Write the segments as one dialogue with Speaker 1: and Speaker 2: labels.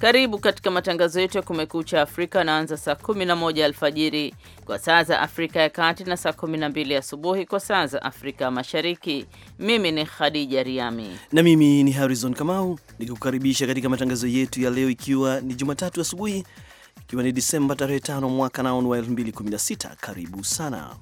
Speaker 1: Karibu katika matangazo yetu ya kumekucha Afrika anaanza saa 11 alfajiri kwa saa za Afrika ya Kati na saa 12 asubuhi kwa saa za Afrika Mashariki. Mimi ni Khadija Riami
Speaker 2: na mimi ni Harrison Kamau nikikukaribisha katika matangazo yetu ya leo, ikiwa ni Jumatatu asubuhi, ikiwa ni Disemba tarehe 5 mwaka naonu wa 2016. Karibu sana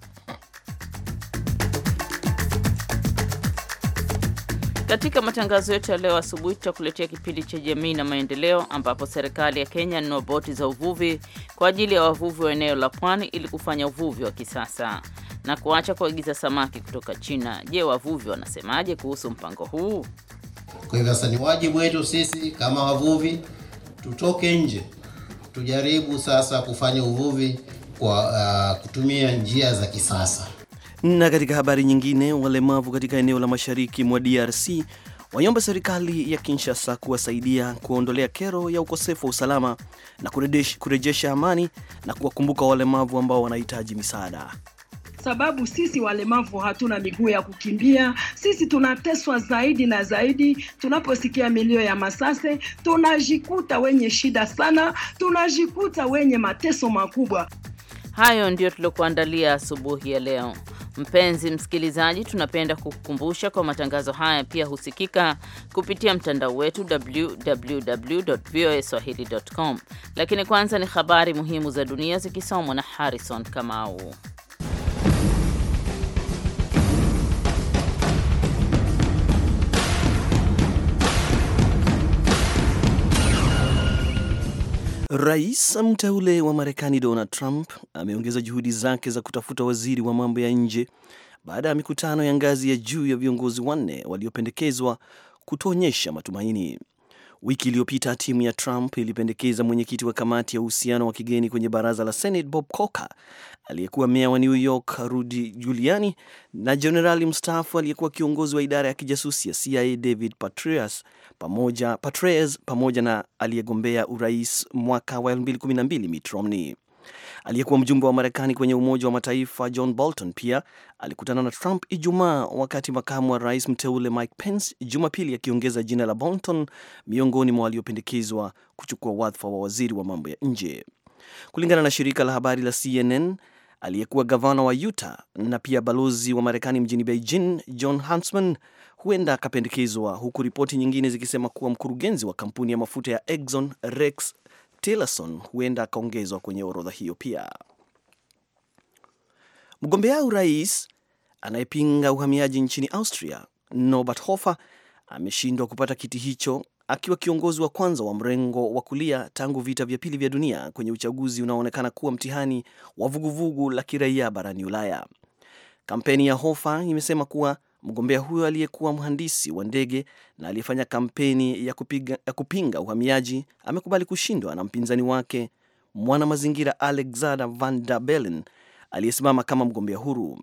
Speaker 1: Katika matangazo yetu ya leo asubuhi tutakuletea kipindi cha jamii na maendeleo, ambapo serikali ya Kenya inunua boti za uvuvi kwa ajili ya wavuvi wa eneo la pwani ili kufanya uvuvi wa kisasa na kuacha kuagiza samaki kutoka China. Je, wavuvi wanasemaje kuhusu mpango huu?
Speaker 3: Kwa hivyo sasa, ni wajibu wetu sisi kama wavuvi tutoke nje, tujaribu sasa
Speaker 2: kufanya uvuvi kwa uh, kutumia
Speaker 3: njia za kisasa.
Speaker 2: Na katika habari nyingine, walemavu katika eneo la mashariki mwa DRC waiomba serikali ya Kinshasa kuwasaidia kuondolea kero ya ukosefu wa usalama na kurejesha amani na kuwakumbuka walemavu ambao wanahitaji misaada.
Speaker 4: Sababu sisi walemavu hatuna miguu ya kukimbia, sisi tunateswa zaidi na zaidi. Tunaposikia milio ya masase, tunajikuta wenye shida sana, tunajikuta wenye mateso makubwa.
Speaker 1: Hayo ndio tuliokuandalia asubuhi ya leo. Mpenzi msikilizaji, tunapenda kukukumbusha kwa matangazo haya pia husikika kupitia mtandao wetu www voa swahilicom Lakini kwanza ni habari muhimu za dunia zikisomwa na Harrison Kamau.
Speaker 2: Rais mteule wa Marekani Donald Trump ameongeza juhudi zake za kutafuta waziri wa mambo ya nje baada ya mikutano ya ngazi ya juu ya viongozi wanne waliopendekezwa kutoonyesha matumaini. Wiki iliyopita timu ya Trump ilipendekeza mwenyekiti wa kamati ya uhusiano wa kigeni kwenye baraza la Senate Bob Corker, aliyekuwa meya wa New York Rudy Giuliani na jenerali mstaafu aliyekuwa kiongozi wa idara ya kijasusi ya CIA David Petraeus pamoja Patres pamoja na aliyegombea urais mwaka wa 2012 Mitt Romney. Aliyekuwa mjumbe wa Marekani kwenye Umoja wa Mataifa John Bolton pia alikutana na Trump Ijumaa, wakati makamu wa rais mteule Mike Pence Jumapili akiongeza jina la Bolton miongoni mwa waliopendekezwa kuchukua wadhifa wa waziri wa mambo ya nje, kulingana na shirika la habari la CNN. Aliyekuwa gavana wa Utah na pia balozi wa Marekani mjini Beijing John Huntsman huenda akapendekezwa, huku ripoti nyingine zikisema kuwa mkurugenzi wa kampuni ya mafuta ya Exxon Rex Tillerson huenda akaongezwa kwenye orodha hiyo pia. Mgombea urais anayepinga uhamiaji nchini Austria Norbert Hofer ameshindwa kupata kiti hicho akiwa kiongozi wa kwanza wa mrengo wa kulia tangu vita vya pili vya dunia kwenye uchaguzi unaoonekana kuwa mtihani wa vuguvugu la kiraia barani Ulaya. Kampeni ya Hofer imesema kuwa Mgombea huyo aliyekuwa mhandisi wa ndege na aliyefanya kampeni ya, kupiga, ya kupinga uhamiaji amekubali kushindwa na mpinzani wake mwana mazingira Alexander Van der Bellen aliyesimama kama mgombea huru.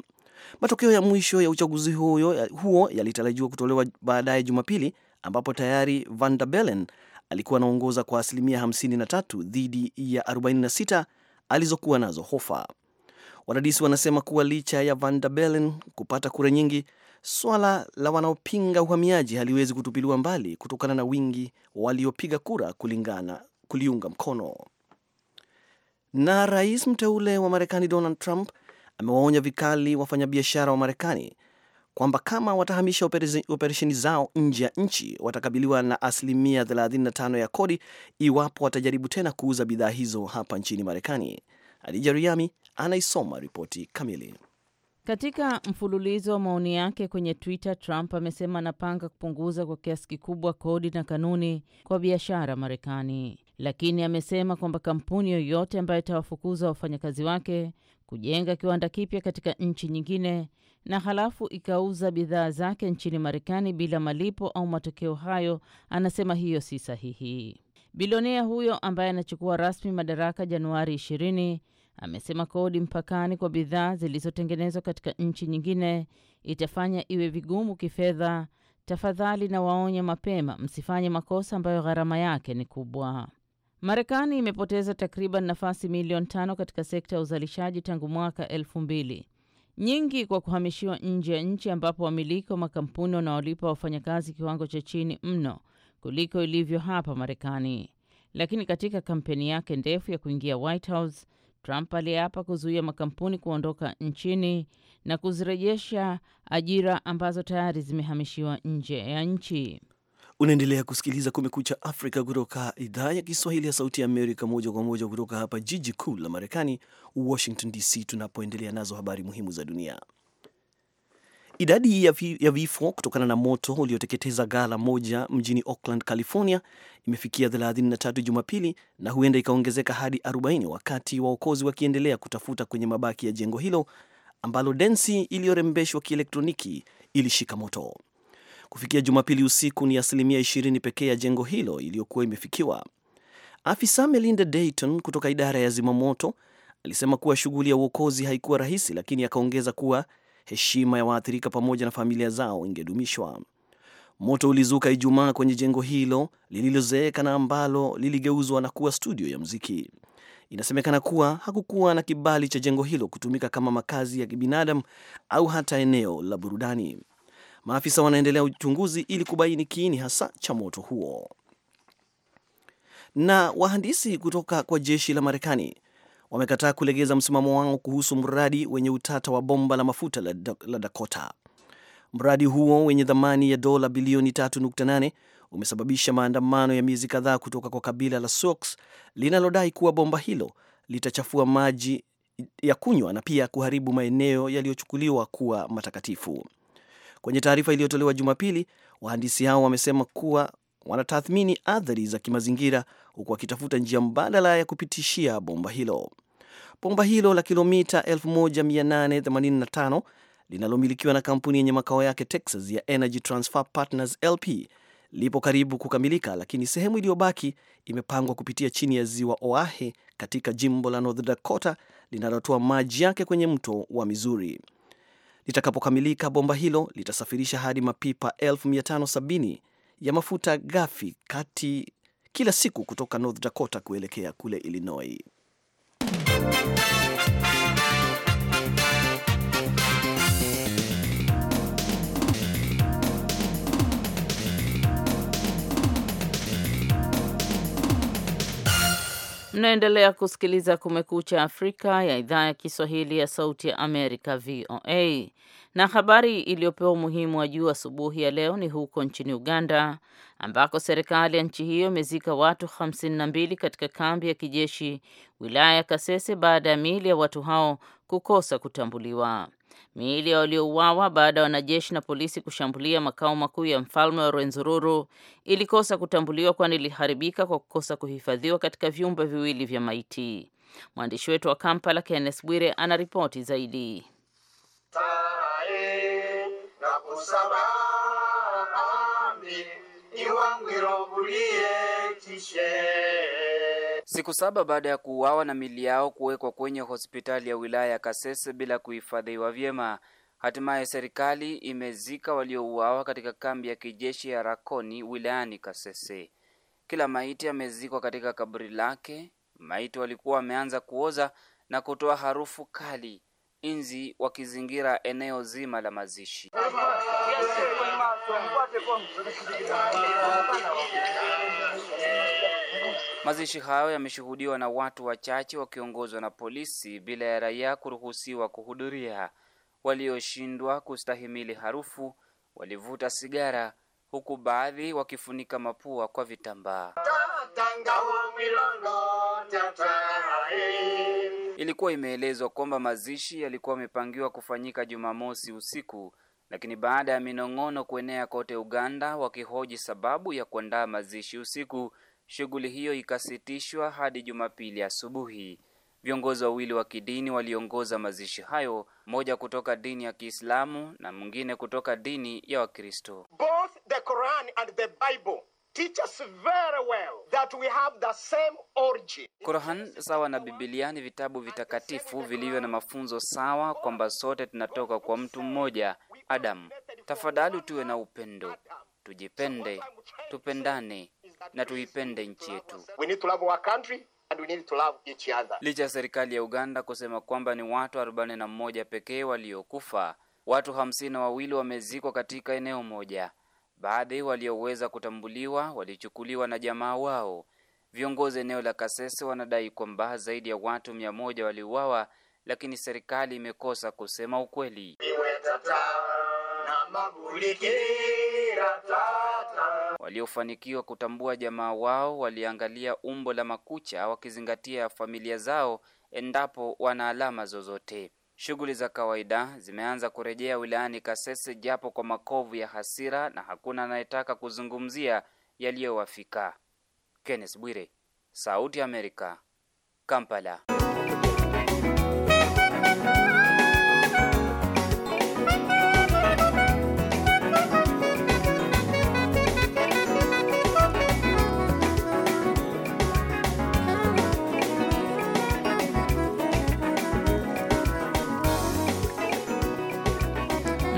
Speaker 2: Matokeo ya mwisho ya uchaguzi huo, huo yalitarajiwa kutolewa baadaye Jumapili, ambapo tayari Van der Bellen alikuwa anaongoza kwa asilimia 53 dhidi ya 46 alizokuwa nazo hofa Wadadisi wanasema kuwa licha ya Van der Bellen kupata kura nyingi, Swala la wanaopinga uhamiaji haliwezi kutupiliwa mbali kutokana na wingi waliopiga kura kulingana kuliunga mkono. Na rais mteule wa Marekani Donald Trump amewaonya vikali wafanyabiashara wa Marekani kwamba kama watahamisha operesheni zao nje ya nchi watakabiliwa na asilimia 35 ya kodi iwapo watajaribu tena kuuza bidhaa hizo hapa nchini Marekani. Adija Riami anaisoma ripoti kamili.
Speaker 1: Katika mfululizo wa maoni yake kwenye Twitter, Trump amesema anapanga kupunguza kwa kiasi kikubwa kodi na kanuni kwa biashara Marekani, lakini amesema kwamba kampuni yoyote ambayo itawafukuza wafanyakazi wake kujenga kiwanda kipya katika nchi nyingine na halafu ikauza bidhaa zake nchini Marekani bila malipo au matokeo hayo, anasema hiyo si sahihi. Bilionea huyo ambaye anachukua rasmi madaraka Januari 20 amesema kodi mpakani kwa bidhaa zilizotengenezwa katika nchi nyingine itafanya iwe vigumu kifedha. Tafadhali na waonye mapema, msifanye makosa ambayo gharama yake ni kubwa. Marekani imepoteza takriban nafasi milioni tano katika sekta ya uzalishaji tangu mwaka elfu mbili, nyingi kwa kuhamishiwa nje ya nchi, ambapo wamiliki wa makampuni wanaolipa wafanyakazi kiwango cha chini mno kuliko ilivyo hapa Marekani. Lakini katika kampeni yake ndefu ya kuingia White House Trump aliapa kuzuia makampuni kuondoka nchini na kuzirejesha ajira ambazo tayari zimehamishiwa nje ya nchi.
Speaker 2: Unaendelea kusikiliza Kumekucha Afrika kutoka idhaa ya Kiswahili ya Sauti ya Amerika, moja kwa moja kutoka hapa jiji kuu la Marekani, Washington DC, tunapoendelea nazo habari muhimu za dunia. Idadi ya, vi, ya vifo kutokana na moto ulioteketeza ghala moja mjini Oakland, California imefikia 33 Jumapili na huenda ikaongezeka hadi 40 wakati waokozi wakiendelea kutafuta kwenye mabaki ya jengo hilo ambalo densi iliyorembeshwa kielektroniki ilishika moto. Kufikia Jumapili usiku ni asilimia 20 pekee ya jengo hilo iliyokuwa imefikiwa. Afisa Melinda Dayton kutoka idara ya zimamoto alisema kuwa shughuli ya uokozi haikuwa rahisi, lakini akaongeza kuwa heshima ya waathirika pamoja na familia zao ingedumishwa. Moto ulizuka Ijumaa kwenye jengo hilo lililozeeka na ambalo liligeuzwa na kuwa studio ya muziki. Inasemekana kuwa hakukuwa na kibali cha jengo hilo kutumika kama makazi ya kibinadamu au hata eneo la burudani. Maafisa wanaendelea uchunguzi ili kubaini kiini hasa cha moto huo. Na wahandisi kutoka kwa jeshi la Marekani wamekataa kulegeza msimamo wao kuhusu mradi wenye utata wa bomba la mafuta la Dakota. Mradi huo wenye thamani ya dola bilioni 3.8 umesababisha maandamano ya miezi kadhaa kutoka kwa kabila la Sioux linalodai kuwa bomba hilo litachafua maji ya kunywa na pia kuharibu maeneo yaliyochukuliwa kuwa matakatifu. Kwenye taarifa iliyotolewa Jumapili, wahandisi hao wamesema kuwa wanatathmini athari za kimazingira huku wakitafuta njia mbadala ya kupitishia bomba hilo. Bomba hilo la kilomita 1885 linalomilikiwa na kampuni yenye makao yake Texas ya Energy Transfer Partners LP lipo karibu kukamilika, lakini sehemu iliyobaki imepangwa kupitia chini ya ziwa Oahe katika jimbo la North Dakota linalotoa maji yake kwenye mto wa Missouri. Litakapokamilika, bomba hilo litasafirisha hadi mapipa 570 ya mafuta ghafi kati kila siku kutoka North Dakota kuelekea kule Illinois.
Speaker 1: Mnaendelea kusikiliza Kumekucha Afrika ya idhaa ya Kiswahili ya Sauti ya Amerika, VOA. Na habari iliyopewa umuhimu wa juu asubuhi ya leo ni huko nchini Uganda ambako serikali ya nchi hiyo imezika watu 52 katika kambi ya kijeshi wilaya ya Kasese baada ya miili ya watu hao kukosa kutambuliwa. Miili ya waliouawa baada ya wanajeshi na polisi kushambulia makao makuu ya mfalme wa Rwenzururu ilikosa kutambuliwa kwani iliharibika kwa kukosa kuhifadhiwa katika vyumba viwili vya maiti. Mwandishi wetu wa Kampala Kenneth Bwire ana ripoti zaidi
Speaker 3: gusaba ambi iwangwiro tishe
Speaker 5: Siku saba baada ya kuuawa na mili yao kuwekwa kwenye hospitali ya wilaya ya Kasese bila kuhifadhiwa vyema, hatimaye serikali imezika waliouawa katika kambi ya kijeshi ya Rakoni wilayani Kasese. Kila maiti amezikwa katika kaburi lake. Maiti walikuwa wameanza kuoza na kutoa harufu kali inzi wakizingira eneo zima la mazishi. Mazishi hayo yameshuhudiwa na watu wachache wakiongozwa na polisi bila ya raia kuruhusiwa kuhudhuria. Walioshindwa kustahimili harufu walivuta sigara, huku baadhi wakifunika mapua kwa vitambaa. Ilikuwa imeelezwa kwamba mazishi yalikuwa yamepangiwa kufanyika Jumamosi usiku, lakini baada ya minong'ono kuenea kote Uganda wakihoji sababu ya kuandaa mazishi usiku, shughuli hiyo ikasitishwa hadi Jumapili asubuhi. Viongozi wawili wa kidini waliongoza mazishi hayo, mmoja kutoka dini ya Kiislamu na mwingine kutoka dini ya Wakristo.
Speaker 6: Both the Quran and the Bible
Speaker 5: Qur'an sawa na Biblia ni vitabu vitakatifu vilivyo na mafunzo sawa kwamba sote tunatoka kwa mtu mmoja Adam. Tafadhali tuwe na upendo, tujipende, tupendane na tuipende nchi yetu. Licha ya serikali ya Uganda kusema kwamba ni watu 41 pekee waliokufa, watu hamsini na wawili wamezikwa katika eneo moja. Baadhi walioweza kutambuliwa walichukuliwa na jamaa wao. Viongozi eneo la Kasese wanadai kwamba zaidi ya watu mia moja waliuawa, lakini serikali imekosa kusema ukweli. Waliofanikiwa kutambua jamaa wao waliangalia umbo la makucha wakizingatia familia zao endapo wana alama zozote. Shughuli za kawaida zimeanza kurejea wilayani Kasese japo kwa makovu ya hasira na hakuna anayetaka kuzungumzia yaliyowafika. Kenneth Bwire, Sauti ya Amerika, Kampala.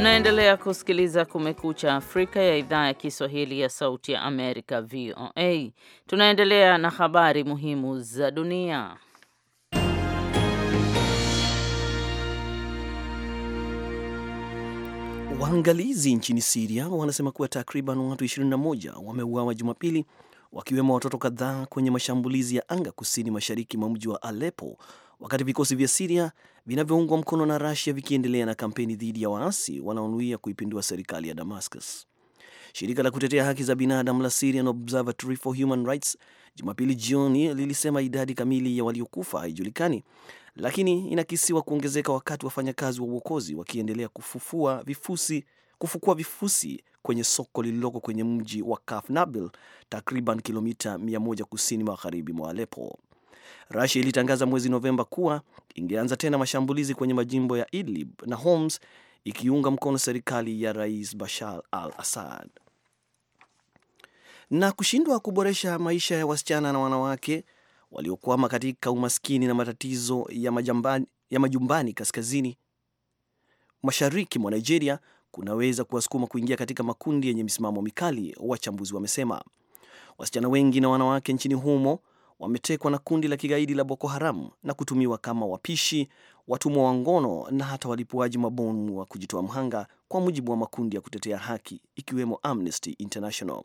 Speaker 1: unaendelea kusikiliza Kumekucha Afrika ya idhaa ya Kiswahili ya Sauti ya Amerika, VOA. Tunaendelea na habari muhimu za dunia.
Speaker 2: Waangalizi nchini Siria wanasema kuwa takriban watu 21 wameuawa Jumapili, wakiwemo watoto kadhaa kwenye mashambulizi ya anga kusini mashariki mwa mji wa Alepo wakati vikosi vya Siria vinavyoungwa mkono na Rusia vikiendelea na kampeni dhidi ya waasi wanaonuia kuipindua serikali ya Damascus. Shirika la kutetea haki za binadamu la Syrian Observatory for Human Rights Jumapili jioni lilisema idadi kamili ya waliokufa haijulikani, lakini inakisiwa kuongezeka wakati wafanyakazi wa uokozi wakiendelea kufufua vifusi, kufukua vifusi kwenye soko lililoko kwenye mji wa Kafnabil, takriban kilomita 100 kusini magharibi mwa Aleppo. Rusia ilitangaza mwezi Novemba kuwa ingeanza tena mashambulizi kwenye majimbo ya Idlib na Homs ikiunga mkono serikali ya Rais Bashar al-Assad. Na kushindwa kuboresha maisha ya wasichana na wanawake waliokwama katika umaskini na matatizo ya majambani, ya majumbani kaskazini mashariki mwa Nigeria kunaweza kuwasukuma kuingia katika makundi yenye misimamo mikali, wachambuzi wamesema. Wasichana wengi na wanawake nchini humo wametekwa na kundi la kigaidi la Boko Haram na kutumiwa kama wapishi, watumwa wa ngono na hata walipuaji mabomu wa kujitoa mhanga, kwa mujibu wa makundi ya kutetea haki ikiwemo Amnesty International.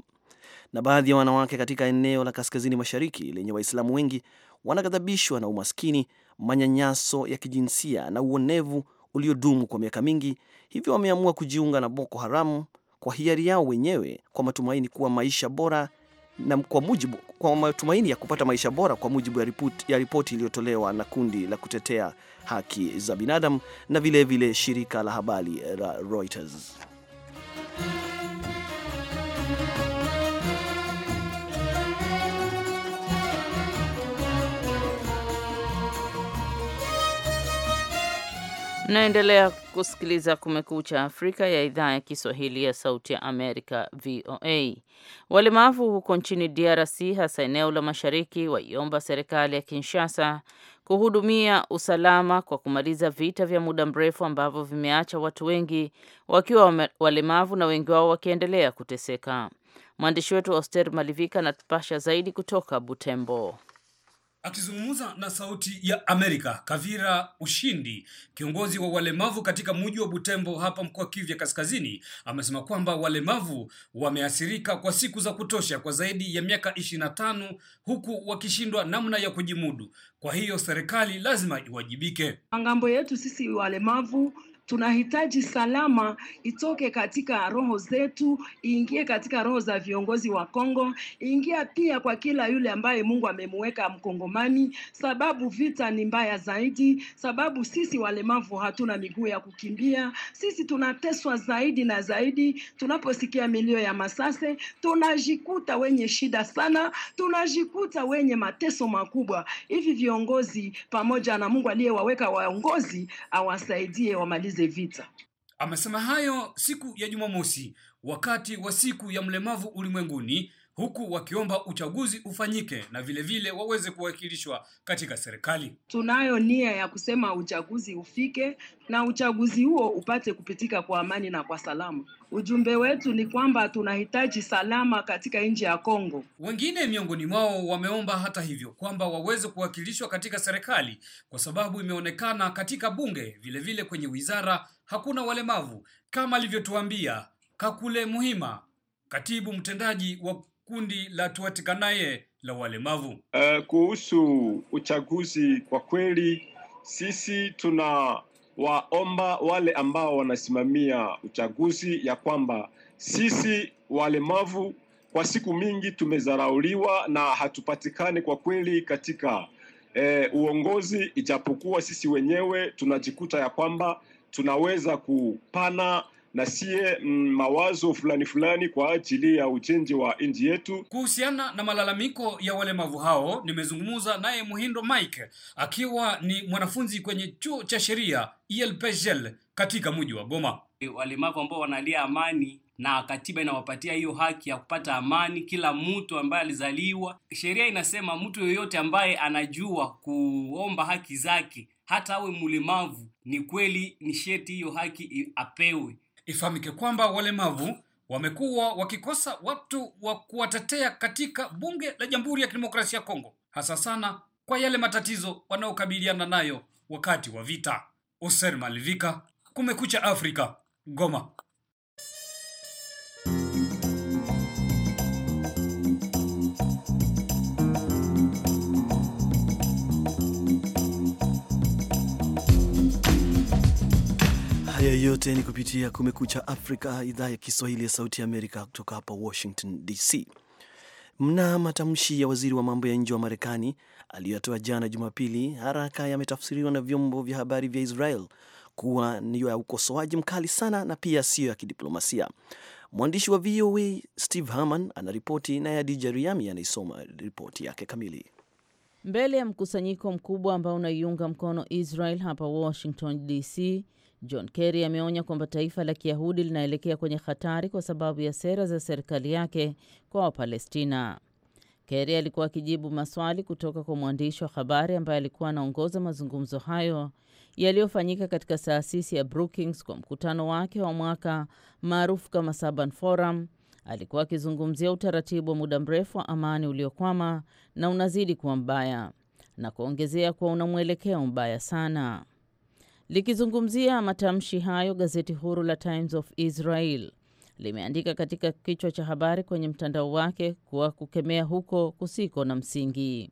Speaker 2: Na baadhi ya wanawake katika eneo la kaskazini mashariki lenye Waislamu wengi wanaghadhabishwa na umaskini, manyanyaso ya kijinsia na uonevu uliodumu kwa miaka mingi, hivyo wameamua kujiunga na Boko Haram kwa hiari yao wenyewe, kwa matumaini kuwa maisha bora na kwa mujibu kwa matumaini ya kupata maisha bora kwa mujibu ya ripoti, ya ripoti iliyotolewa na kundi la kutetea haki za binadamu na vilevile vile shirika la habari la Reuters.
Speaker 1: Mnaendelea kusikiliza Kumekucha Afrika ya idhaa ya Kiswahili ya Sauti ya Amerika, VOA. Walemavu huko nchini DRC, hasa eneo la mashariki, waiomba serikali ya Kinshasa kuhudumia usalama kwa kumaliza vita vya muda mrefu ambavyo vimeacha watu wengi wakiwa walemavu na wengi wao wakiendelea kuteseka. Mwandishi wetu Oster Malivika anatupasha zaidi kutoka Butembo.
Speaker 7: Akizungumza na Sauti ya Amerika, Kavira Ushindi, kiongozi wa walemavu katika mji wa Butembo hapa mkoa Kivu Kaskazini, amesema kwamba walemavu wameathirika kwa siku za kutosha kwa zaidi ya miaka ishirini na tano huku wakishindwa namna ya kujimudu. Kwa hiyo serikali lazima iwajibike.
Speaker 4: Ngambo yetu sisi walemavu tunahitaji salama itoke katika roho zetu, iingie katika roho za viongozi wa Kongo, ingia pia kwa kila yule ambaye Mungu amemweka Mkongomani, sababu vita ni mbaya zaidi, sababu sisi walemavu hatuna miguu ya kukimbia, sisi tunateswa zaidi na zaidi. Tunaposikia milio ya masase, tunajikuta wenye shida sana, tunajikuta wenye mateso makubwa. Hivi viongozi pamoja na Mungu aliyewaweka waongozi awasaidie wamalize tusianze vita.
Speaker 7: Amesema hayo siku ya Jumamosi wakati wa siku ya mlemavu ulimwenguni huku wakiomba uchaguzi ufanyike na vilevile vile waweze kuwakilishwa katika serikali.
Speaker 4: Tunayo nia ya kusema uchaguzi ufike na uchaguzi huo upate kupitika kwa amani na kwa salama. Ujumbe wetu ni kwamba tunahitaji salama katika nchi ya Kongo.
Speaker 7: Wengine miongoni mwao wameomba hata hivyo kwamba waweze kuwakilishwa katika serikali, kwa sababu imeonekana katika bunge vilevile vile kwenye wizara hakuna walemavu, kama alivyotuambia Kakule Muhima, katibu mtendaji wa kundi la tuwatikanaye la walemavu.
Speaker 8: Uh, kuhusu uchaguzi, kwa kweli sisi tuna waomba wale ambao wanasimamia uchaguzi ya kwamba sisi walemavu kwa siku mingi tumezarauliwa na hatupatikani kwa kweli katika e, uongozi, ijapokuwa sisi wenyewe tunajikuta ya kwamba tunaweza kupana na siye mm, mawazo fulani fulani kwa ajili ya ujenzi wa nchi yetu.
Speaker 7: Kuhusiana na malalamiko ya walemavu hao, nimezungumza naye Muhindo Mike akiwa ni mwanafunzi kwenye chuo cha sheria ILPGL katika mji wa Goma. Walemavu ambao wanalia amani na katiba inawapatia hiyo haki ya kupata amani. Kila mtu ambaye alizaliwa, sheria inasema mtu yoyote ambaye anajua kuomba haki zake, hata awe mlemavu, ni kweli ni sheti hiyo haki apewe. Ifahamike kwamba walemavu wamekuwa wakikosa watu wa kuwatetea katika bunge la Jamhuri ya Kidemokrasia ya Kongo, hasa sana kwa yale matatizo wanaokabiliana nayo wakati wa vita. Oser Malivika, Kumekucha Afrika, Goma.
Speaker 2: Haya yote ni kupitia Kumekucha Afrika, idhaa ya Kiswahili ya Sauti ya Amerika, kutoka hapa Washington DC. Mna matamshi ya waziri wa mambo ya nje wa Marekani aliyoyatoa jana Jumapili haraka yametafsiriwa na vyombo vya habari vya Israel kuwa niyo ya ukosoaji mkali sana na pia siyo ya kidiplomasia. Mwandishi wa VOA Steve Herman anaripoti naye Adija Riami anaisoma ripoti yake kamili.
Speaker 1: Mbele ya mkusanyiko mkubwa ambao unaiunga mkono Israel hapa Washington DC, John Kerry ameonya kwamba taifa la Kiyahudi linaelekea kwenye hatari kwa sababu ya sera za serikali yake kwa Wapalestina. Kerry alikuwa akijibu maswali kutoka kwa mwandishi wa habari ambaye alikuwa anaongoza mazungumzo hayo yaliyofanyika katika taasisi ya Brookings kwa mkutano wake wa mwaka maarufu kama Saban Forum. Alikuwa akizungumzia utaratibu wa muda mrefu wa amani uliokwama na unazidi kuwa mbaya na kuongezea kuwa una mwelekeo mbaya sana. Likizungumzia matamshi hayo, gazeti huru la Times of Israel limeandika katika kichwa cha habari kwenye mtandao wake kuwa kukemea huko kusiko na msingi.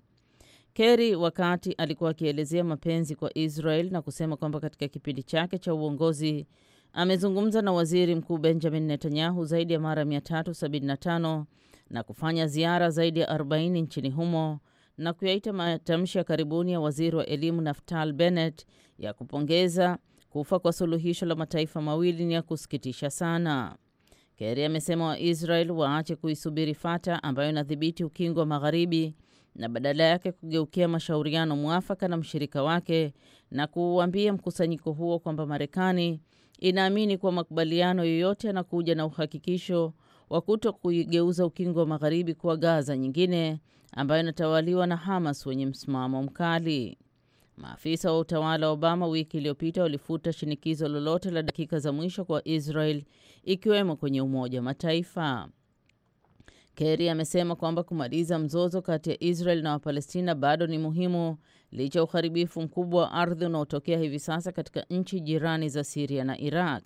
Speaker 1: Kerry wakati alikuwa akielezea mapenzi kwa Israel na kusema kwamba katika kipindi chake cha uongozi amezungumza na waziri mkuu Benjamin Netanyahu zaidi ya mara 375 na kufanya ziara zaidi ya 40 nchini humo na kuyaita matamshi ya karibuni ya waziri wa elimu Naftali Bennett ya kupongeza kufa kwa suluhisho la mataifa mawili ni ya kusikitisha sana. Kerry amesema Waisrael waache kuisubiri Fata ambayo inadhibiti ukingo wa magharibi na badala yake kugeukia mashauriano mwafaka na mshirika wake na kuuambia mkusanyiko huo kwamba Marekani inaamini kuwa makubaliano yoyote yanakuja na uhakikisho wa kuto kuigeuza ukingo wa magharibi kuwa Gaza nyingine ambayo inatawaliwa na Hamas wenye msimamo mkali. Maafisa wa utawala wa Obama wiki iliyopita walifuta shinikizo lolote la dakika za mwisho kwa Israel, ikiwemo kwenye Umoja wa Mataifa. Kerry amesema kwamba kumaliza mzozo kati ya Israel na Wapalestina bado ni muhimu licha ya uharibifu mkubwa wa ardhi unaotokea hivi sasa katika nchi jirani za Siria na Iraq.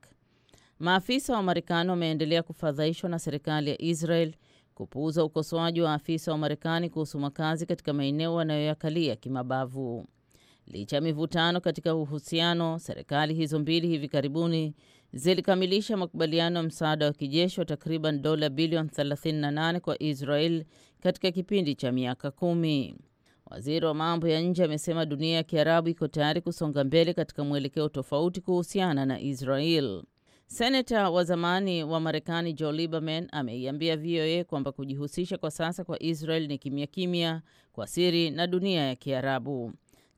Speaker 1: Maafisa wa Marekani wameendelea kufadhaishwa na serikali ya Israel kupuuza ukosoaji wa afisa wa Marekani kuhusu makazi katika maeneo wanayoyakalia kimabavu. Licha ya mivutano katika uhusiano, serikali hizo mbili hivi karibuni zilikamilisha makubaliano ya msaada wa kijeshi wa takriban dola bilioni 38 kwa Israel katika kipindi cha miaka kumi. Waziri wa mambo ya nje amesema dunia ya Kiarabu iko tayari kusonga mbele katika mwelekeo tofauti kuhusiana na Israel. Senata wa zamani wa Marekani Joe Lieberman ameiambia VOA kwamba kujihusisha kwa sasa kwa Israel ni kimya kimya, kwa siri na dunia ya Kiarabu.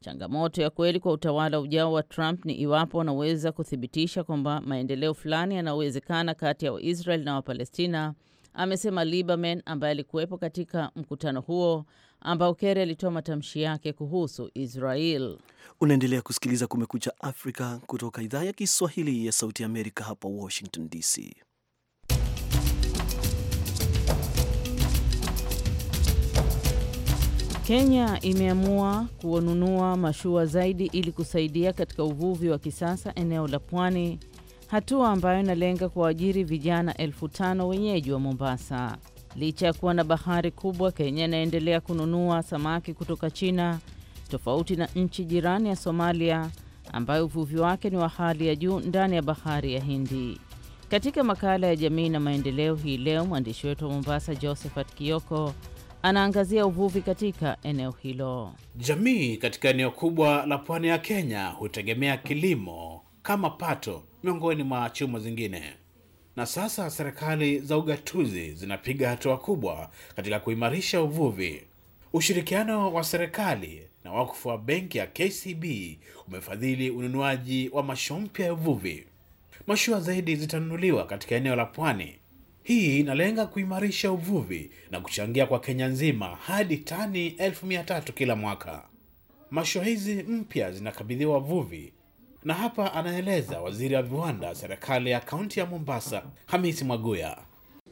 Speaker 1: Changamoto ya kweli kwa utawala ujao wa Trump ni iwapo wanaweza kuthibitisha kwamba maendeleo fulani yanawezekana kati ya Waisrael na Wapalestina, amesema Lieberman ambaye alikuwepo katika mkutano huo ambao Kerry alitoa matamshi yake kuhusu Israel.
Speaker 2: Unaendelea kusikiliza Kumekucha Afrika kutoka idhaa ya Kiswahili ya Sauti ya Amerika hapa Washington DC.
Speaker 1: Kenya imeamua kuwanunua mashua zaidi ili kusaidia katika uvuvi wa kisasa eneo la pwani, hatua ambayo inalenga kuwaajiri vijana elfu tano wenyeji wa Mombasa. Licha ya kuwa na bahari kubwa, Kenya inaendelea kununua samaki kutoka China, tofauti na nchi jirani ya Somalia ambayo uvuvi wake ni wa hali ya juu ndani ya bahari ya Hindi. Katika makala ya jamii na maendeleo hii leo, mwandishi wetu wa Mombasa Josephat Kioko anaangazia uvuvi katika eneo hilo.
Speaker 6: Jamii katika eneo kubwa la pwani ya Kenya hutegemea kilimo kama pato miongoni mwa chumo zingine, na sasa serikali za ugatuzi zinapiga hatua kubwa katika kuimarisha uvuvi. Ushirikiano wa serikali na wakfu wa benki ya KCB umefadhili ununuaji wa mashua mpya ya uvuvi. Mashua zaidi zitanunuliwa katika eneo la pwani hii inalenga kuimarisha uvuvi na kuchangia kwa Kenya nzima hadi tani elfu mia tatu kila mwaka. Mashua hizi mpya zinakabidhiwa wavuvi, na hapa anaeleza waziri wa viwanda serikali ya kaunti ya Mombasa, Hamisi Mwaguya.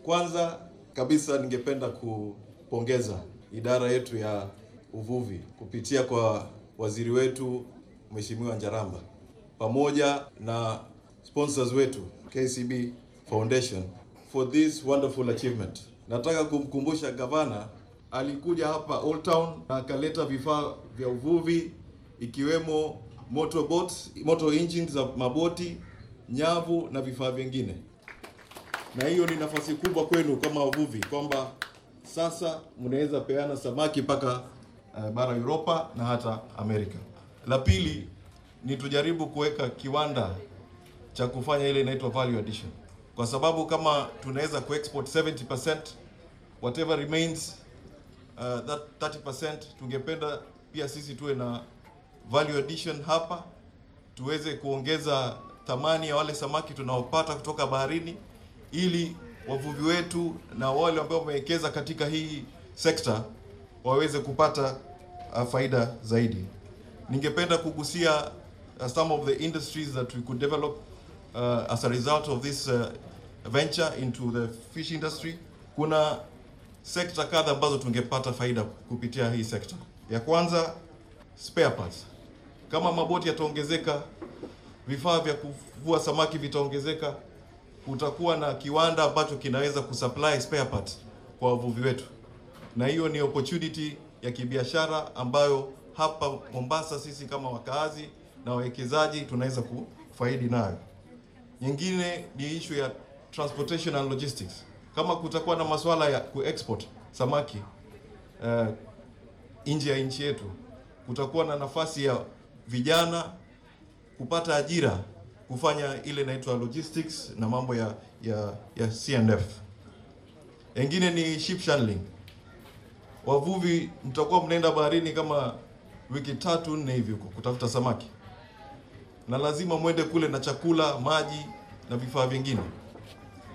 Speaker 8: Kwanza kabisa ningependa kupongeza idara yetu ya uvuvi kupitia kwa waziri wetu Mheshimiwa Njaramba pamoja na sponsors wetu KCB Foundation for this wonderful achievement. Nataka kumkumbusha gavana, alikuja hapa Old Town na akaleta vifaa vya uvuvi ikiwemo motor boats, motor engines za maboti, nyavu na vifaa vingine, na hiyo ni nafasi kubwa kwenu kama wavuvi kwamba sasa mnaweza peana samaki mpaka uh, bara Europa na hata Amerika. La pili ni tujaribu kuweka kiwanda cha kufanya ile inaitwa value addition kwa sababu kama tunaweza kuexport 70% whatever remains uh, that 30% tungependa pia sisi tuwe na value addition hapa, tuweze kuongeza thamani ya wale samaki tunaopata kutoka baharini, ili wavuvi wetu na wale ambao wamewekeza katika hii sekta waweze kupata uh, faida zaidi. Ningependa kugusia uh, some of the industries that we could develop Uh, as a result of this uh, venture into the fish industry, kuna sekta kadha ambazo tungepata faida kupitia hii sekta. Ya kwanza spare parts. Kama maboti yataongezeka, vifaa vya kuvua samaki vitaongezeka, kutakuwa na kiwanda ambacho kinaweza kusupply spare parts kwa wavuvi wetu, na hiyo ni opportunity ya kibiashara ambayo hapa Mombasa sisi kama wakaazi na wawekezaji tunaweza kufaidi nayo. Nyingine ni issue ya transportation and logistics. Kama kutakuwa na masuala ya kuexport samaki uh, nje ya nchi yetu, kutakuwa na nafasi ya vijana kupata ajira kufanya ile inaitwa logistics na mambo ya ya, ya CNF. Engine ni ship shandling. Wavuvi mtakuwa mnaenda baharini kama wiki tatu nne hivi huko kutafuta samaki na lazima mwende kule na chakula, maji na vifaa vingine.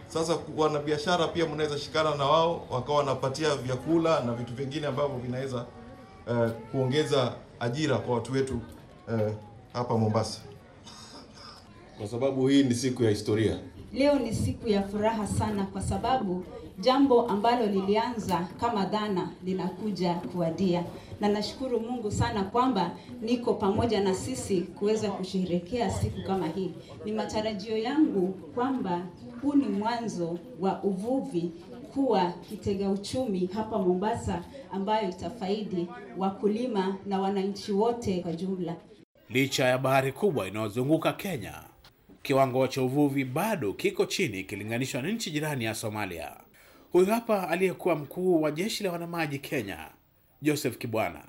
Speaker 8: Sasa wanabiashara pia mnaweza shikana na wao wakawa wanapatia vyakula na vitu vingine ambavyo vinaweza uh, kuongeza ajira kwa watu wetu uh, hapa Mombasa, kwa sababu hii ni siku ya historia.
Speaker 4: Leo ni siku ya furaha sana, kwa sababu jambo ambalo lilianza kama dhana linakuja kuadia, na nashukuru Mungu sana kwamba niko pamoja na sisi kuweza kusherehekea siku kama hii. Ni matarajio yangu kwamba huu ni mwanzo wa uvuvi kuwa kitega uchumi hapa Mombasa, ambayo itafaidi wakulima na wananchi wote kwa jumla.
Speaker 6: Licha ya bahari kubwa inayozunguka Kenya, kiwango cha uvuvi bado kiko chini ikilinganishwa na nchi jirani ya Somalia. Huyu hapa aliyekuwa mkuu wa jeshi la wanamaji Kenya, Joseph Kibwana.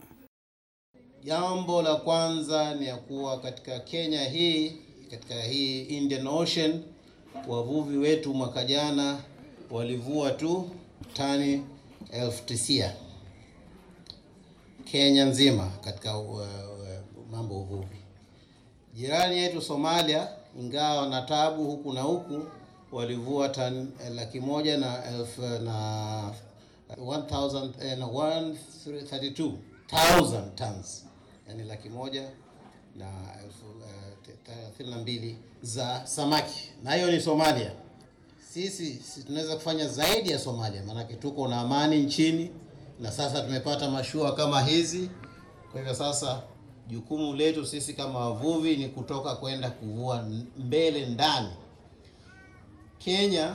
Speaker 3: Jambo la kwanza ni ya kuwa katika Kenya hii, katika hii Indian Ocean, wavuvi wetu mwaka jana walivua tu tani elfu tisia Kenya nzima katika uh, uh, mambo uvuvi. Jirani yetu Somalia, ingawa na tabu huku na huku walivua tan eh, laki moja na elfu eh, na eh, thousand tons yani laki moja na elfu thelathini na mbili za samaki, na hiyo ni Somalia. Sisi tunaweza kufanya zaidi ya Somalia, maanake tuko na amani nchini na sasa tumepata mashua kama hizi. Kwa hivyo sasa jukumu letu sisi kama wavuvi ni kutoka kwenda kuvua mbele ndani. Kenya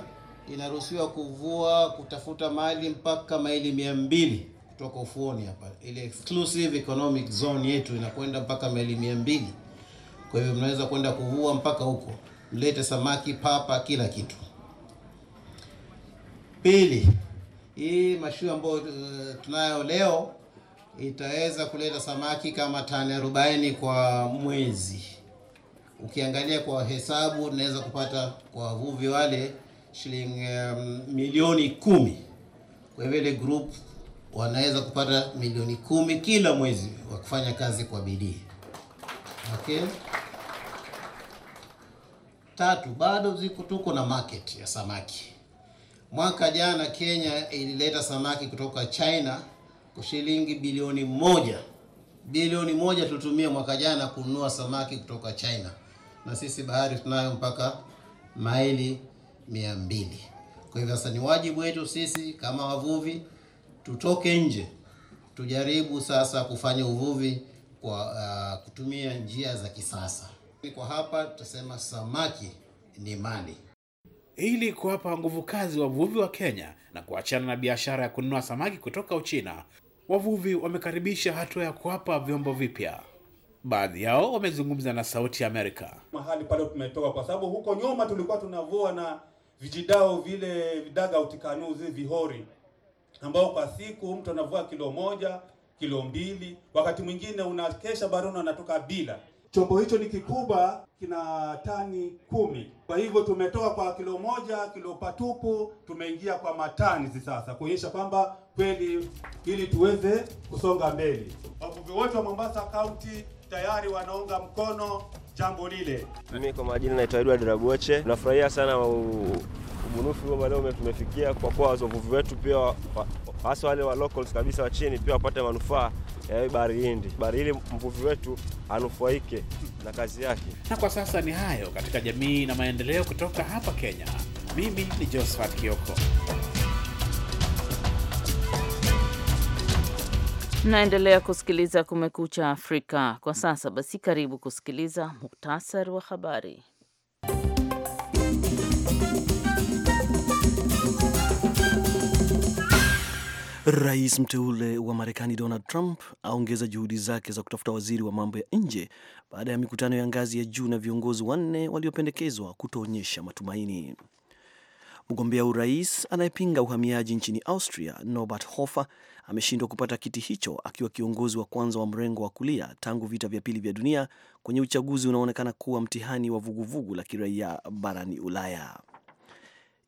Speaker 3: inaruhusiwa kuvua kutafuta mali mpaka maili mia mbili kutoka ufuoni hapa, ile exclusive economic zone yetu inakwenda mpaka maili mia mbili. Kwa hivyo mnaweza kwenda kuvua mpaka huko, mlete samaki, papa, kila kitu. Pili, hii mashua ambayo uh, tunayo leo itaweza kuleta samaki kama tani 40 kwa mwezi. Ukiangalia kwa hesabu naweza kupata kwa wavuvi wale shilingi um, milioni kumi. Kwa vile group wanaweza kupata milioni kumi kila mwezi wa kufanya kazi kwa bidii. Okay. Tatu, bado ziko tuko na market ya samaki. Mwaka jana Kenya ilileta samaki kutoka China kwa shilingi bilioni moja. Bilioni moja tulitumia mwaka jana kununua samaki kutoka China na sisi bahari tunayo mpaka maili mia mbili. Kwa hivyo sasa ni wajibu wetu sisi kama wavuvi tutoke nje, tujaribu sasa kufanya uvuvi kwa uh, kutumia njia za kisasa. Kwa hapa tutasema samaki ni mali. Ili
Speaker 6: kuwapa nguvu kazi wavuvi wa Kenya na kuachana na biashara ya kununua samaki kutoka Uchina, wavuvi wamekaribisha hatua ya kuwapa vyombo vipya baadhi yao wamezungumza na Sauti ya Amerika. Mahali pale tumetoka, kwa sababu huko nyuma tulikuwa tunavua na vijidao vile vidaga utikanuzi vihori, ambao kwa siku mtu anavua kilo moja kilo mbili, wakati mwingine unakesha barona anatoka bila chombo. Hicho ni kikubwa, kina tani kumi. Kwa hivyo tumetoka kwa kilo moja kilo patupu, tumeingia kwa matani sasa, kuonyesha kwamba kweli ili tuweze kusonga mbele. Wavuvi wote wa Mombasa County tayari wanaunga mkono
Speaker 5: jambo lile. Mimi kwa majina naitwa Edward Rabuoche, nafurahia sana ubunifu
Speaker 8: huo leo tumefikia, kwa kuwa wavuvi wetu pia hasa wale wa locals kabisa wa chini pia wapate manufaa ya bahari Hindi, bahari hili mvuvi wetu anufaike
Speaker 6: na kazi yake. Na kwa sasa ni hayo katika jamii na maendeleo kutoka hapa Kenya. Mimi ni Josephat Kioko.
Speaker 1: naendelea kusikiliza Kumekucha Afrika kwa sasa. Basi karibu kusikiliza muhtasari wa habari.
Speaker 2: Rais mteule wa Marekani Donald Trump aongeza juhudi zake za kutafuta waziri wa mambo ya nje baada ya mikutano ya ngazi ya juu na viongozi wanne waliopendekezwa kutoonyesha matumaini. Mgombea urais anayepinga uhamiaji nchini Austria Norbert Hofer ameshindwa kupata kiti hicho akiwa kiongozi wa kwanza wa mrengo wa kulia tangu vita vya pili vya dunia kwenye uchaguzi unaoonekana kuwa mtihani wa vuguvugu la kiraia barani Ulaya.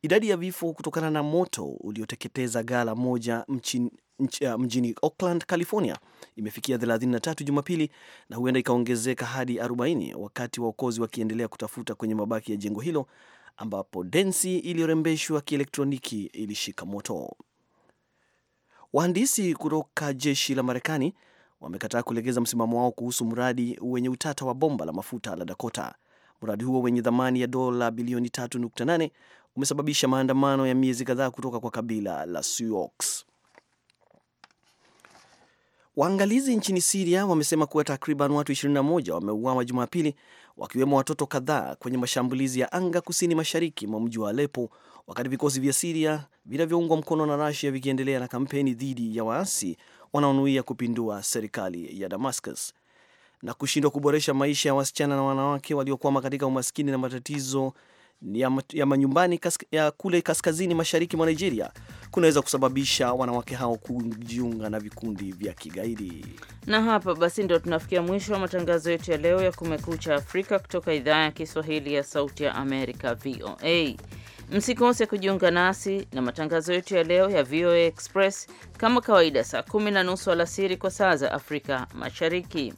Speaker 2: Idadi ya vifo kutokana na moto ulioteketeza gala moja mchin, mch, uh, mjini Oakland, California imefikia 33 Jumapili na huenda ikaongezeka hadi 40 wakati waokozi wakiendelea kutafuta kwenye mabaki ya jengo hilo ambapo densi iliyorembeshwa kielektroniki ilishika moto. Wahandisi kutoka jeshi la Marekani wamekataa kulegeza msimamo wao kuhusu mradi wenye utata wa bomba la mafuta la Dakota. Mradi huo wenye thamani ya dola bilioni 3.8 umesababisha maandamano ya miezi kadhaa kutoka kwa kabila la Sioux. Waangalizi nchini Siria wamesema kuwa takriban watu 21 wameuawa Jumapili, wakiwemo watoto kadhaa kwenye mashambulizi ya anga kusini mashariki mwa mji wa Alepo, wakati vikosi vya Siria vinavyoungwa mkono na Rusia vikiendelea na kampeni dhidi ya waasi wanaonuia kupindua serikali ya Damascus na kushindwa kuboresha maisha ya wasichana na wanawake waliokwama katika umaskini na matatizo ya manyumbani ya kule kaskazini mashariki mwa Nigeria kunaweza kusababisha wanawake hao kujiunga na vikundi vya kigaidi.
Speaker 1: Na hapa basi ndo tunafikia mwisho wa matangazo yetu ya leo ya Kumekucha Afrika kutoka idhaa ya Kiswahili ya Sauti ya Amerika, VOA. Msikose kujiunga nasi na matangazo yetu ya leo ya VOA Express kama kawaida, saa kumi na nusu alasiri kwa saa za Afrika Mashariki.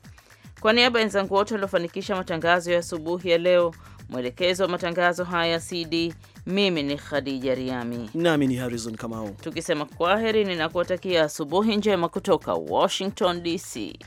Speaker 1: Kwa niaba ya wenzangu wote waliofanikisha matangazo ya asubuhi ya leo, mwelekezo wa matangazo haya CD, mimi ni Khadija Riami nami ni Harrison Kamau, tukisema kwaheri, ninakuwatakia asubuhi njema kutoka Washington DC.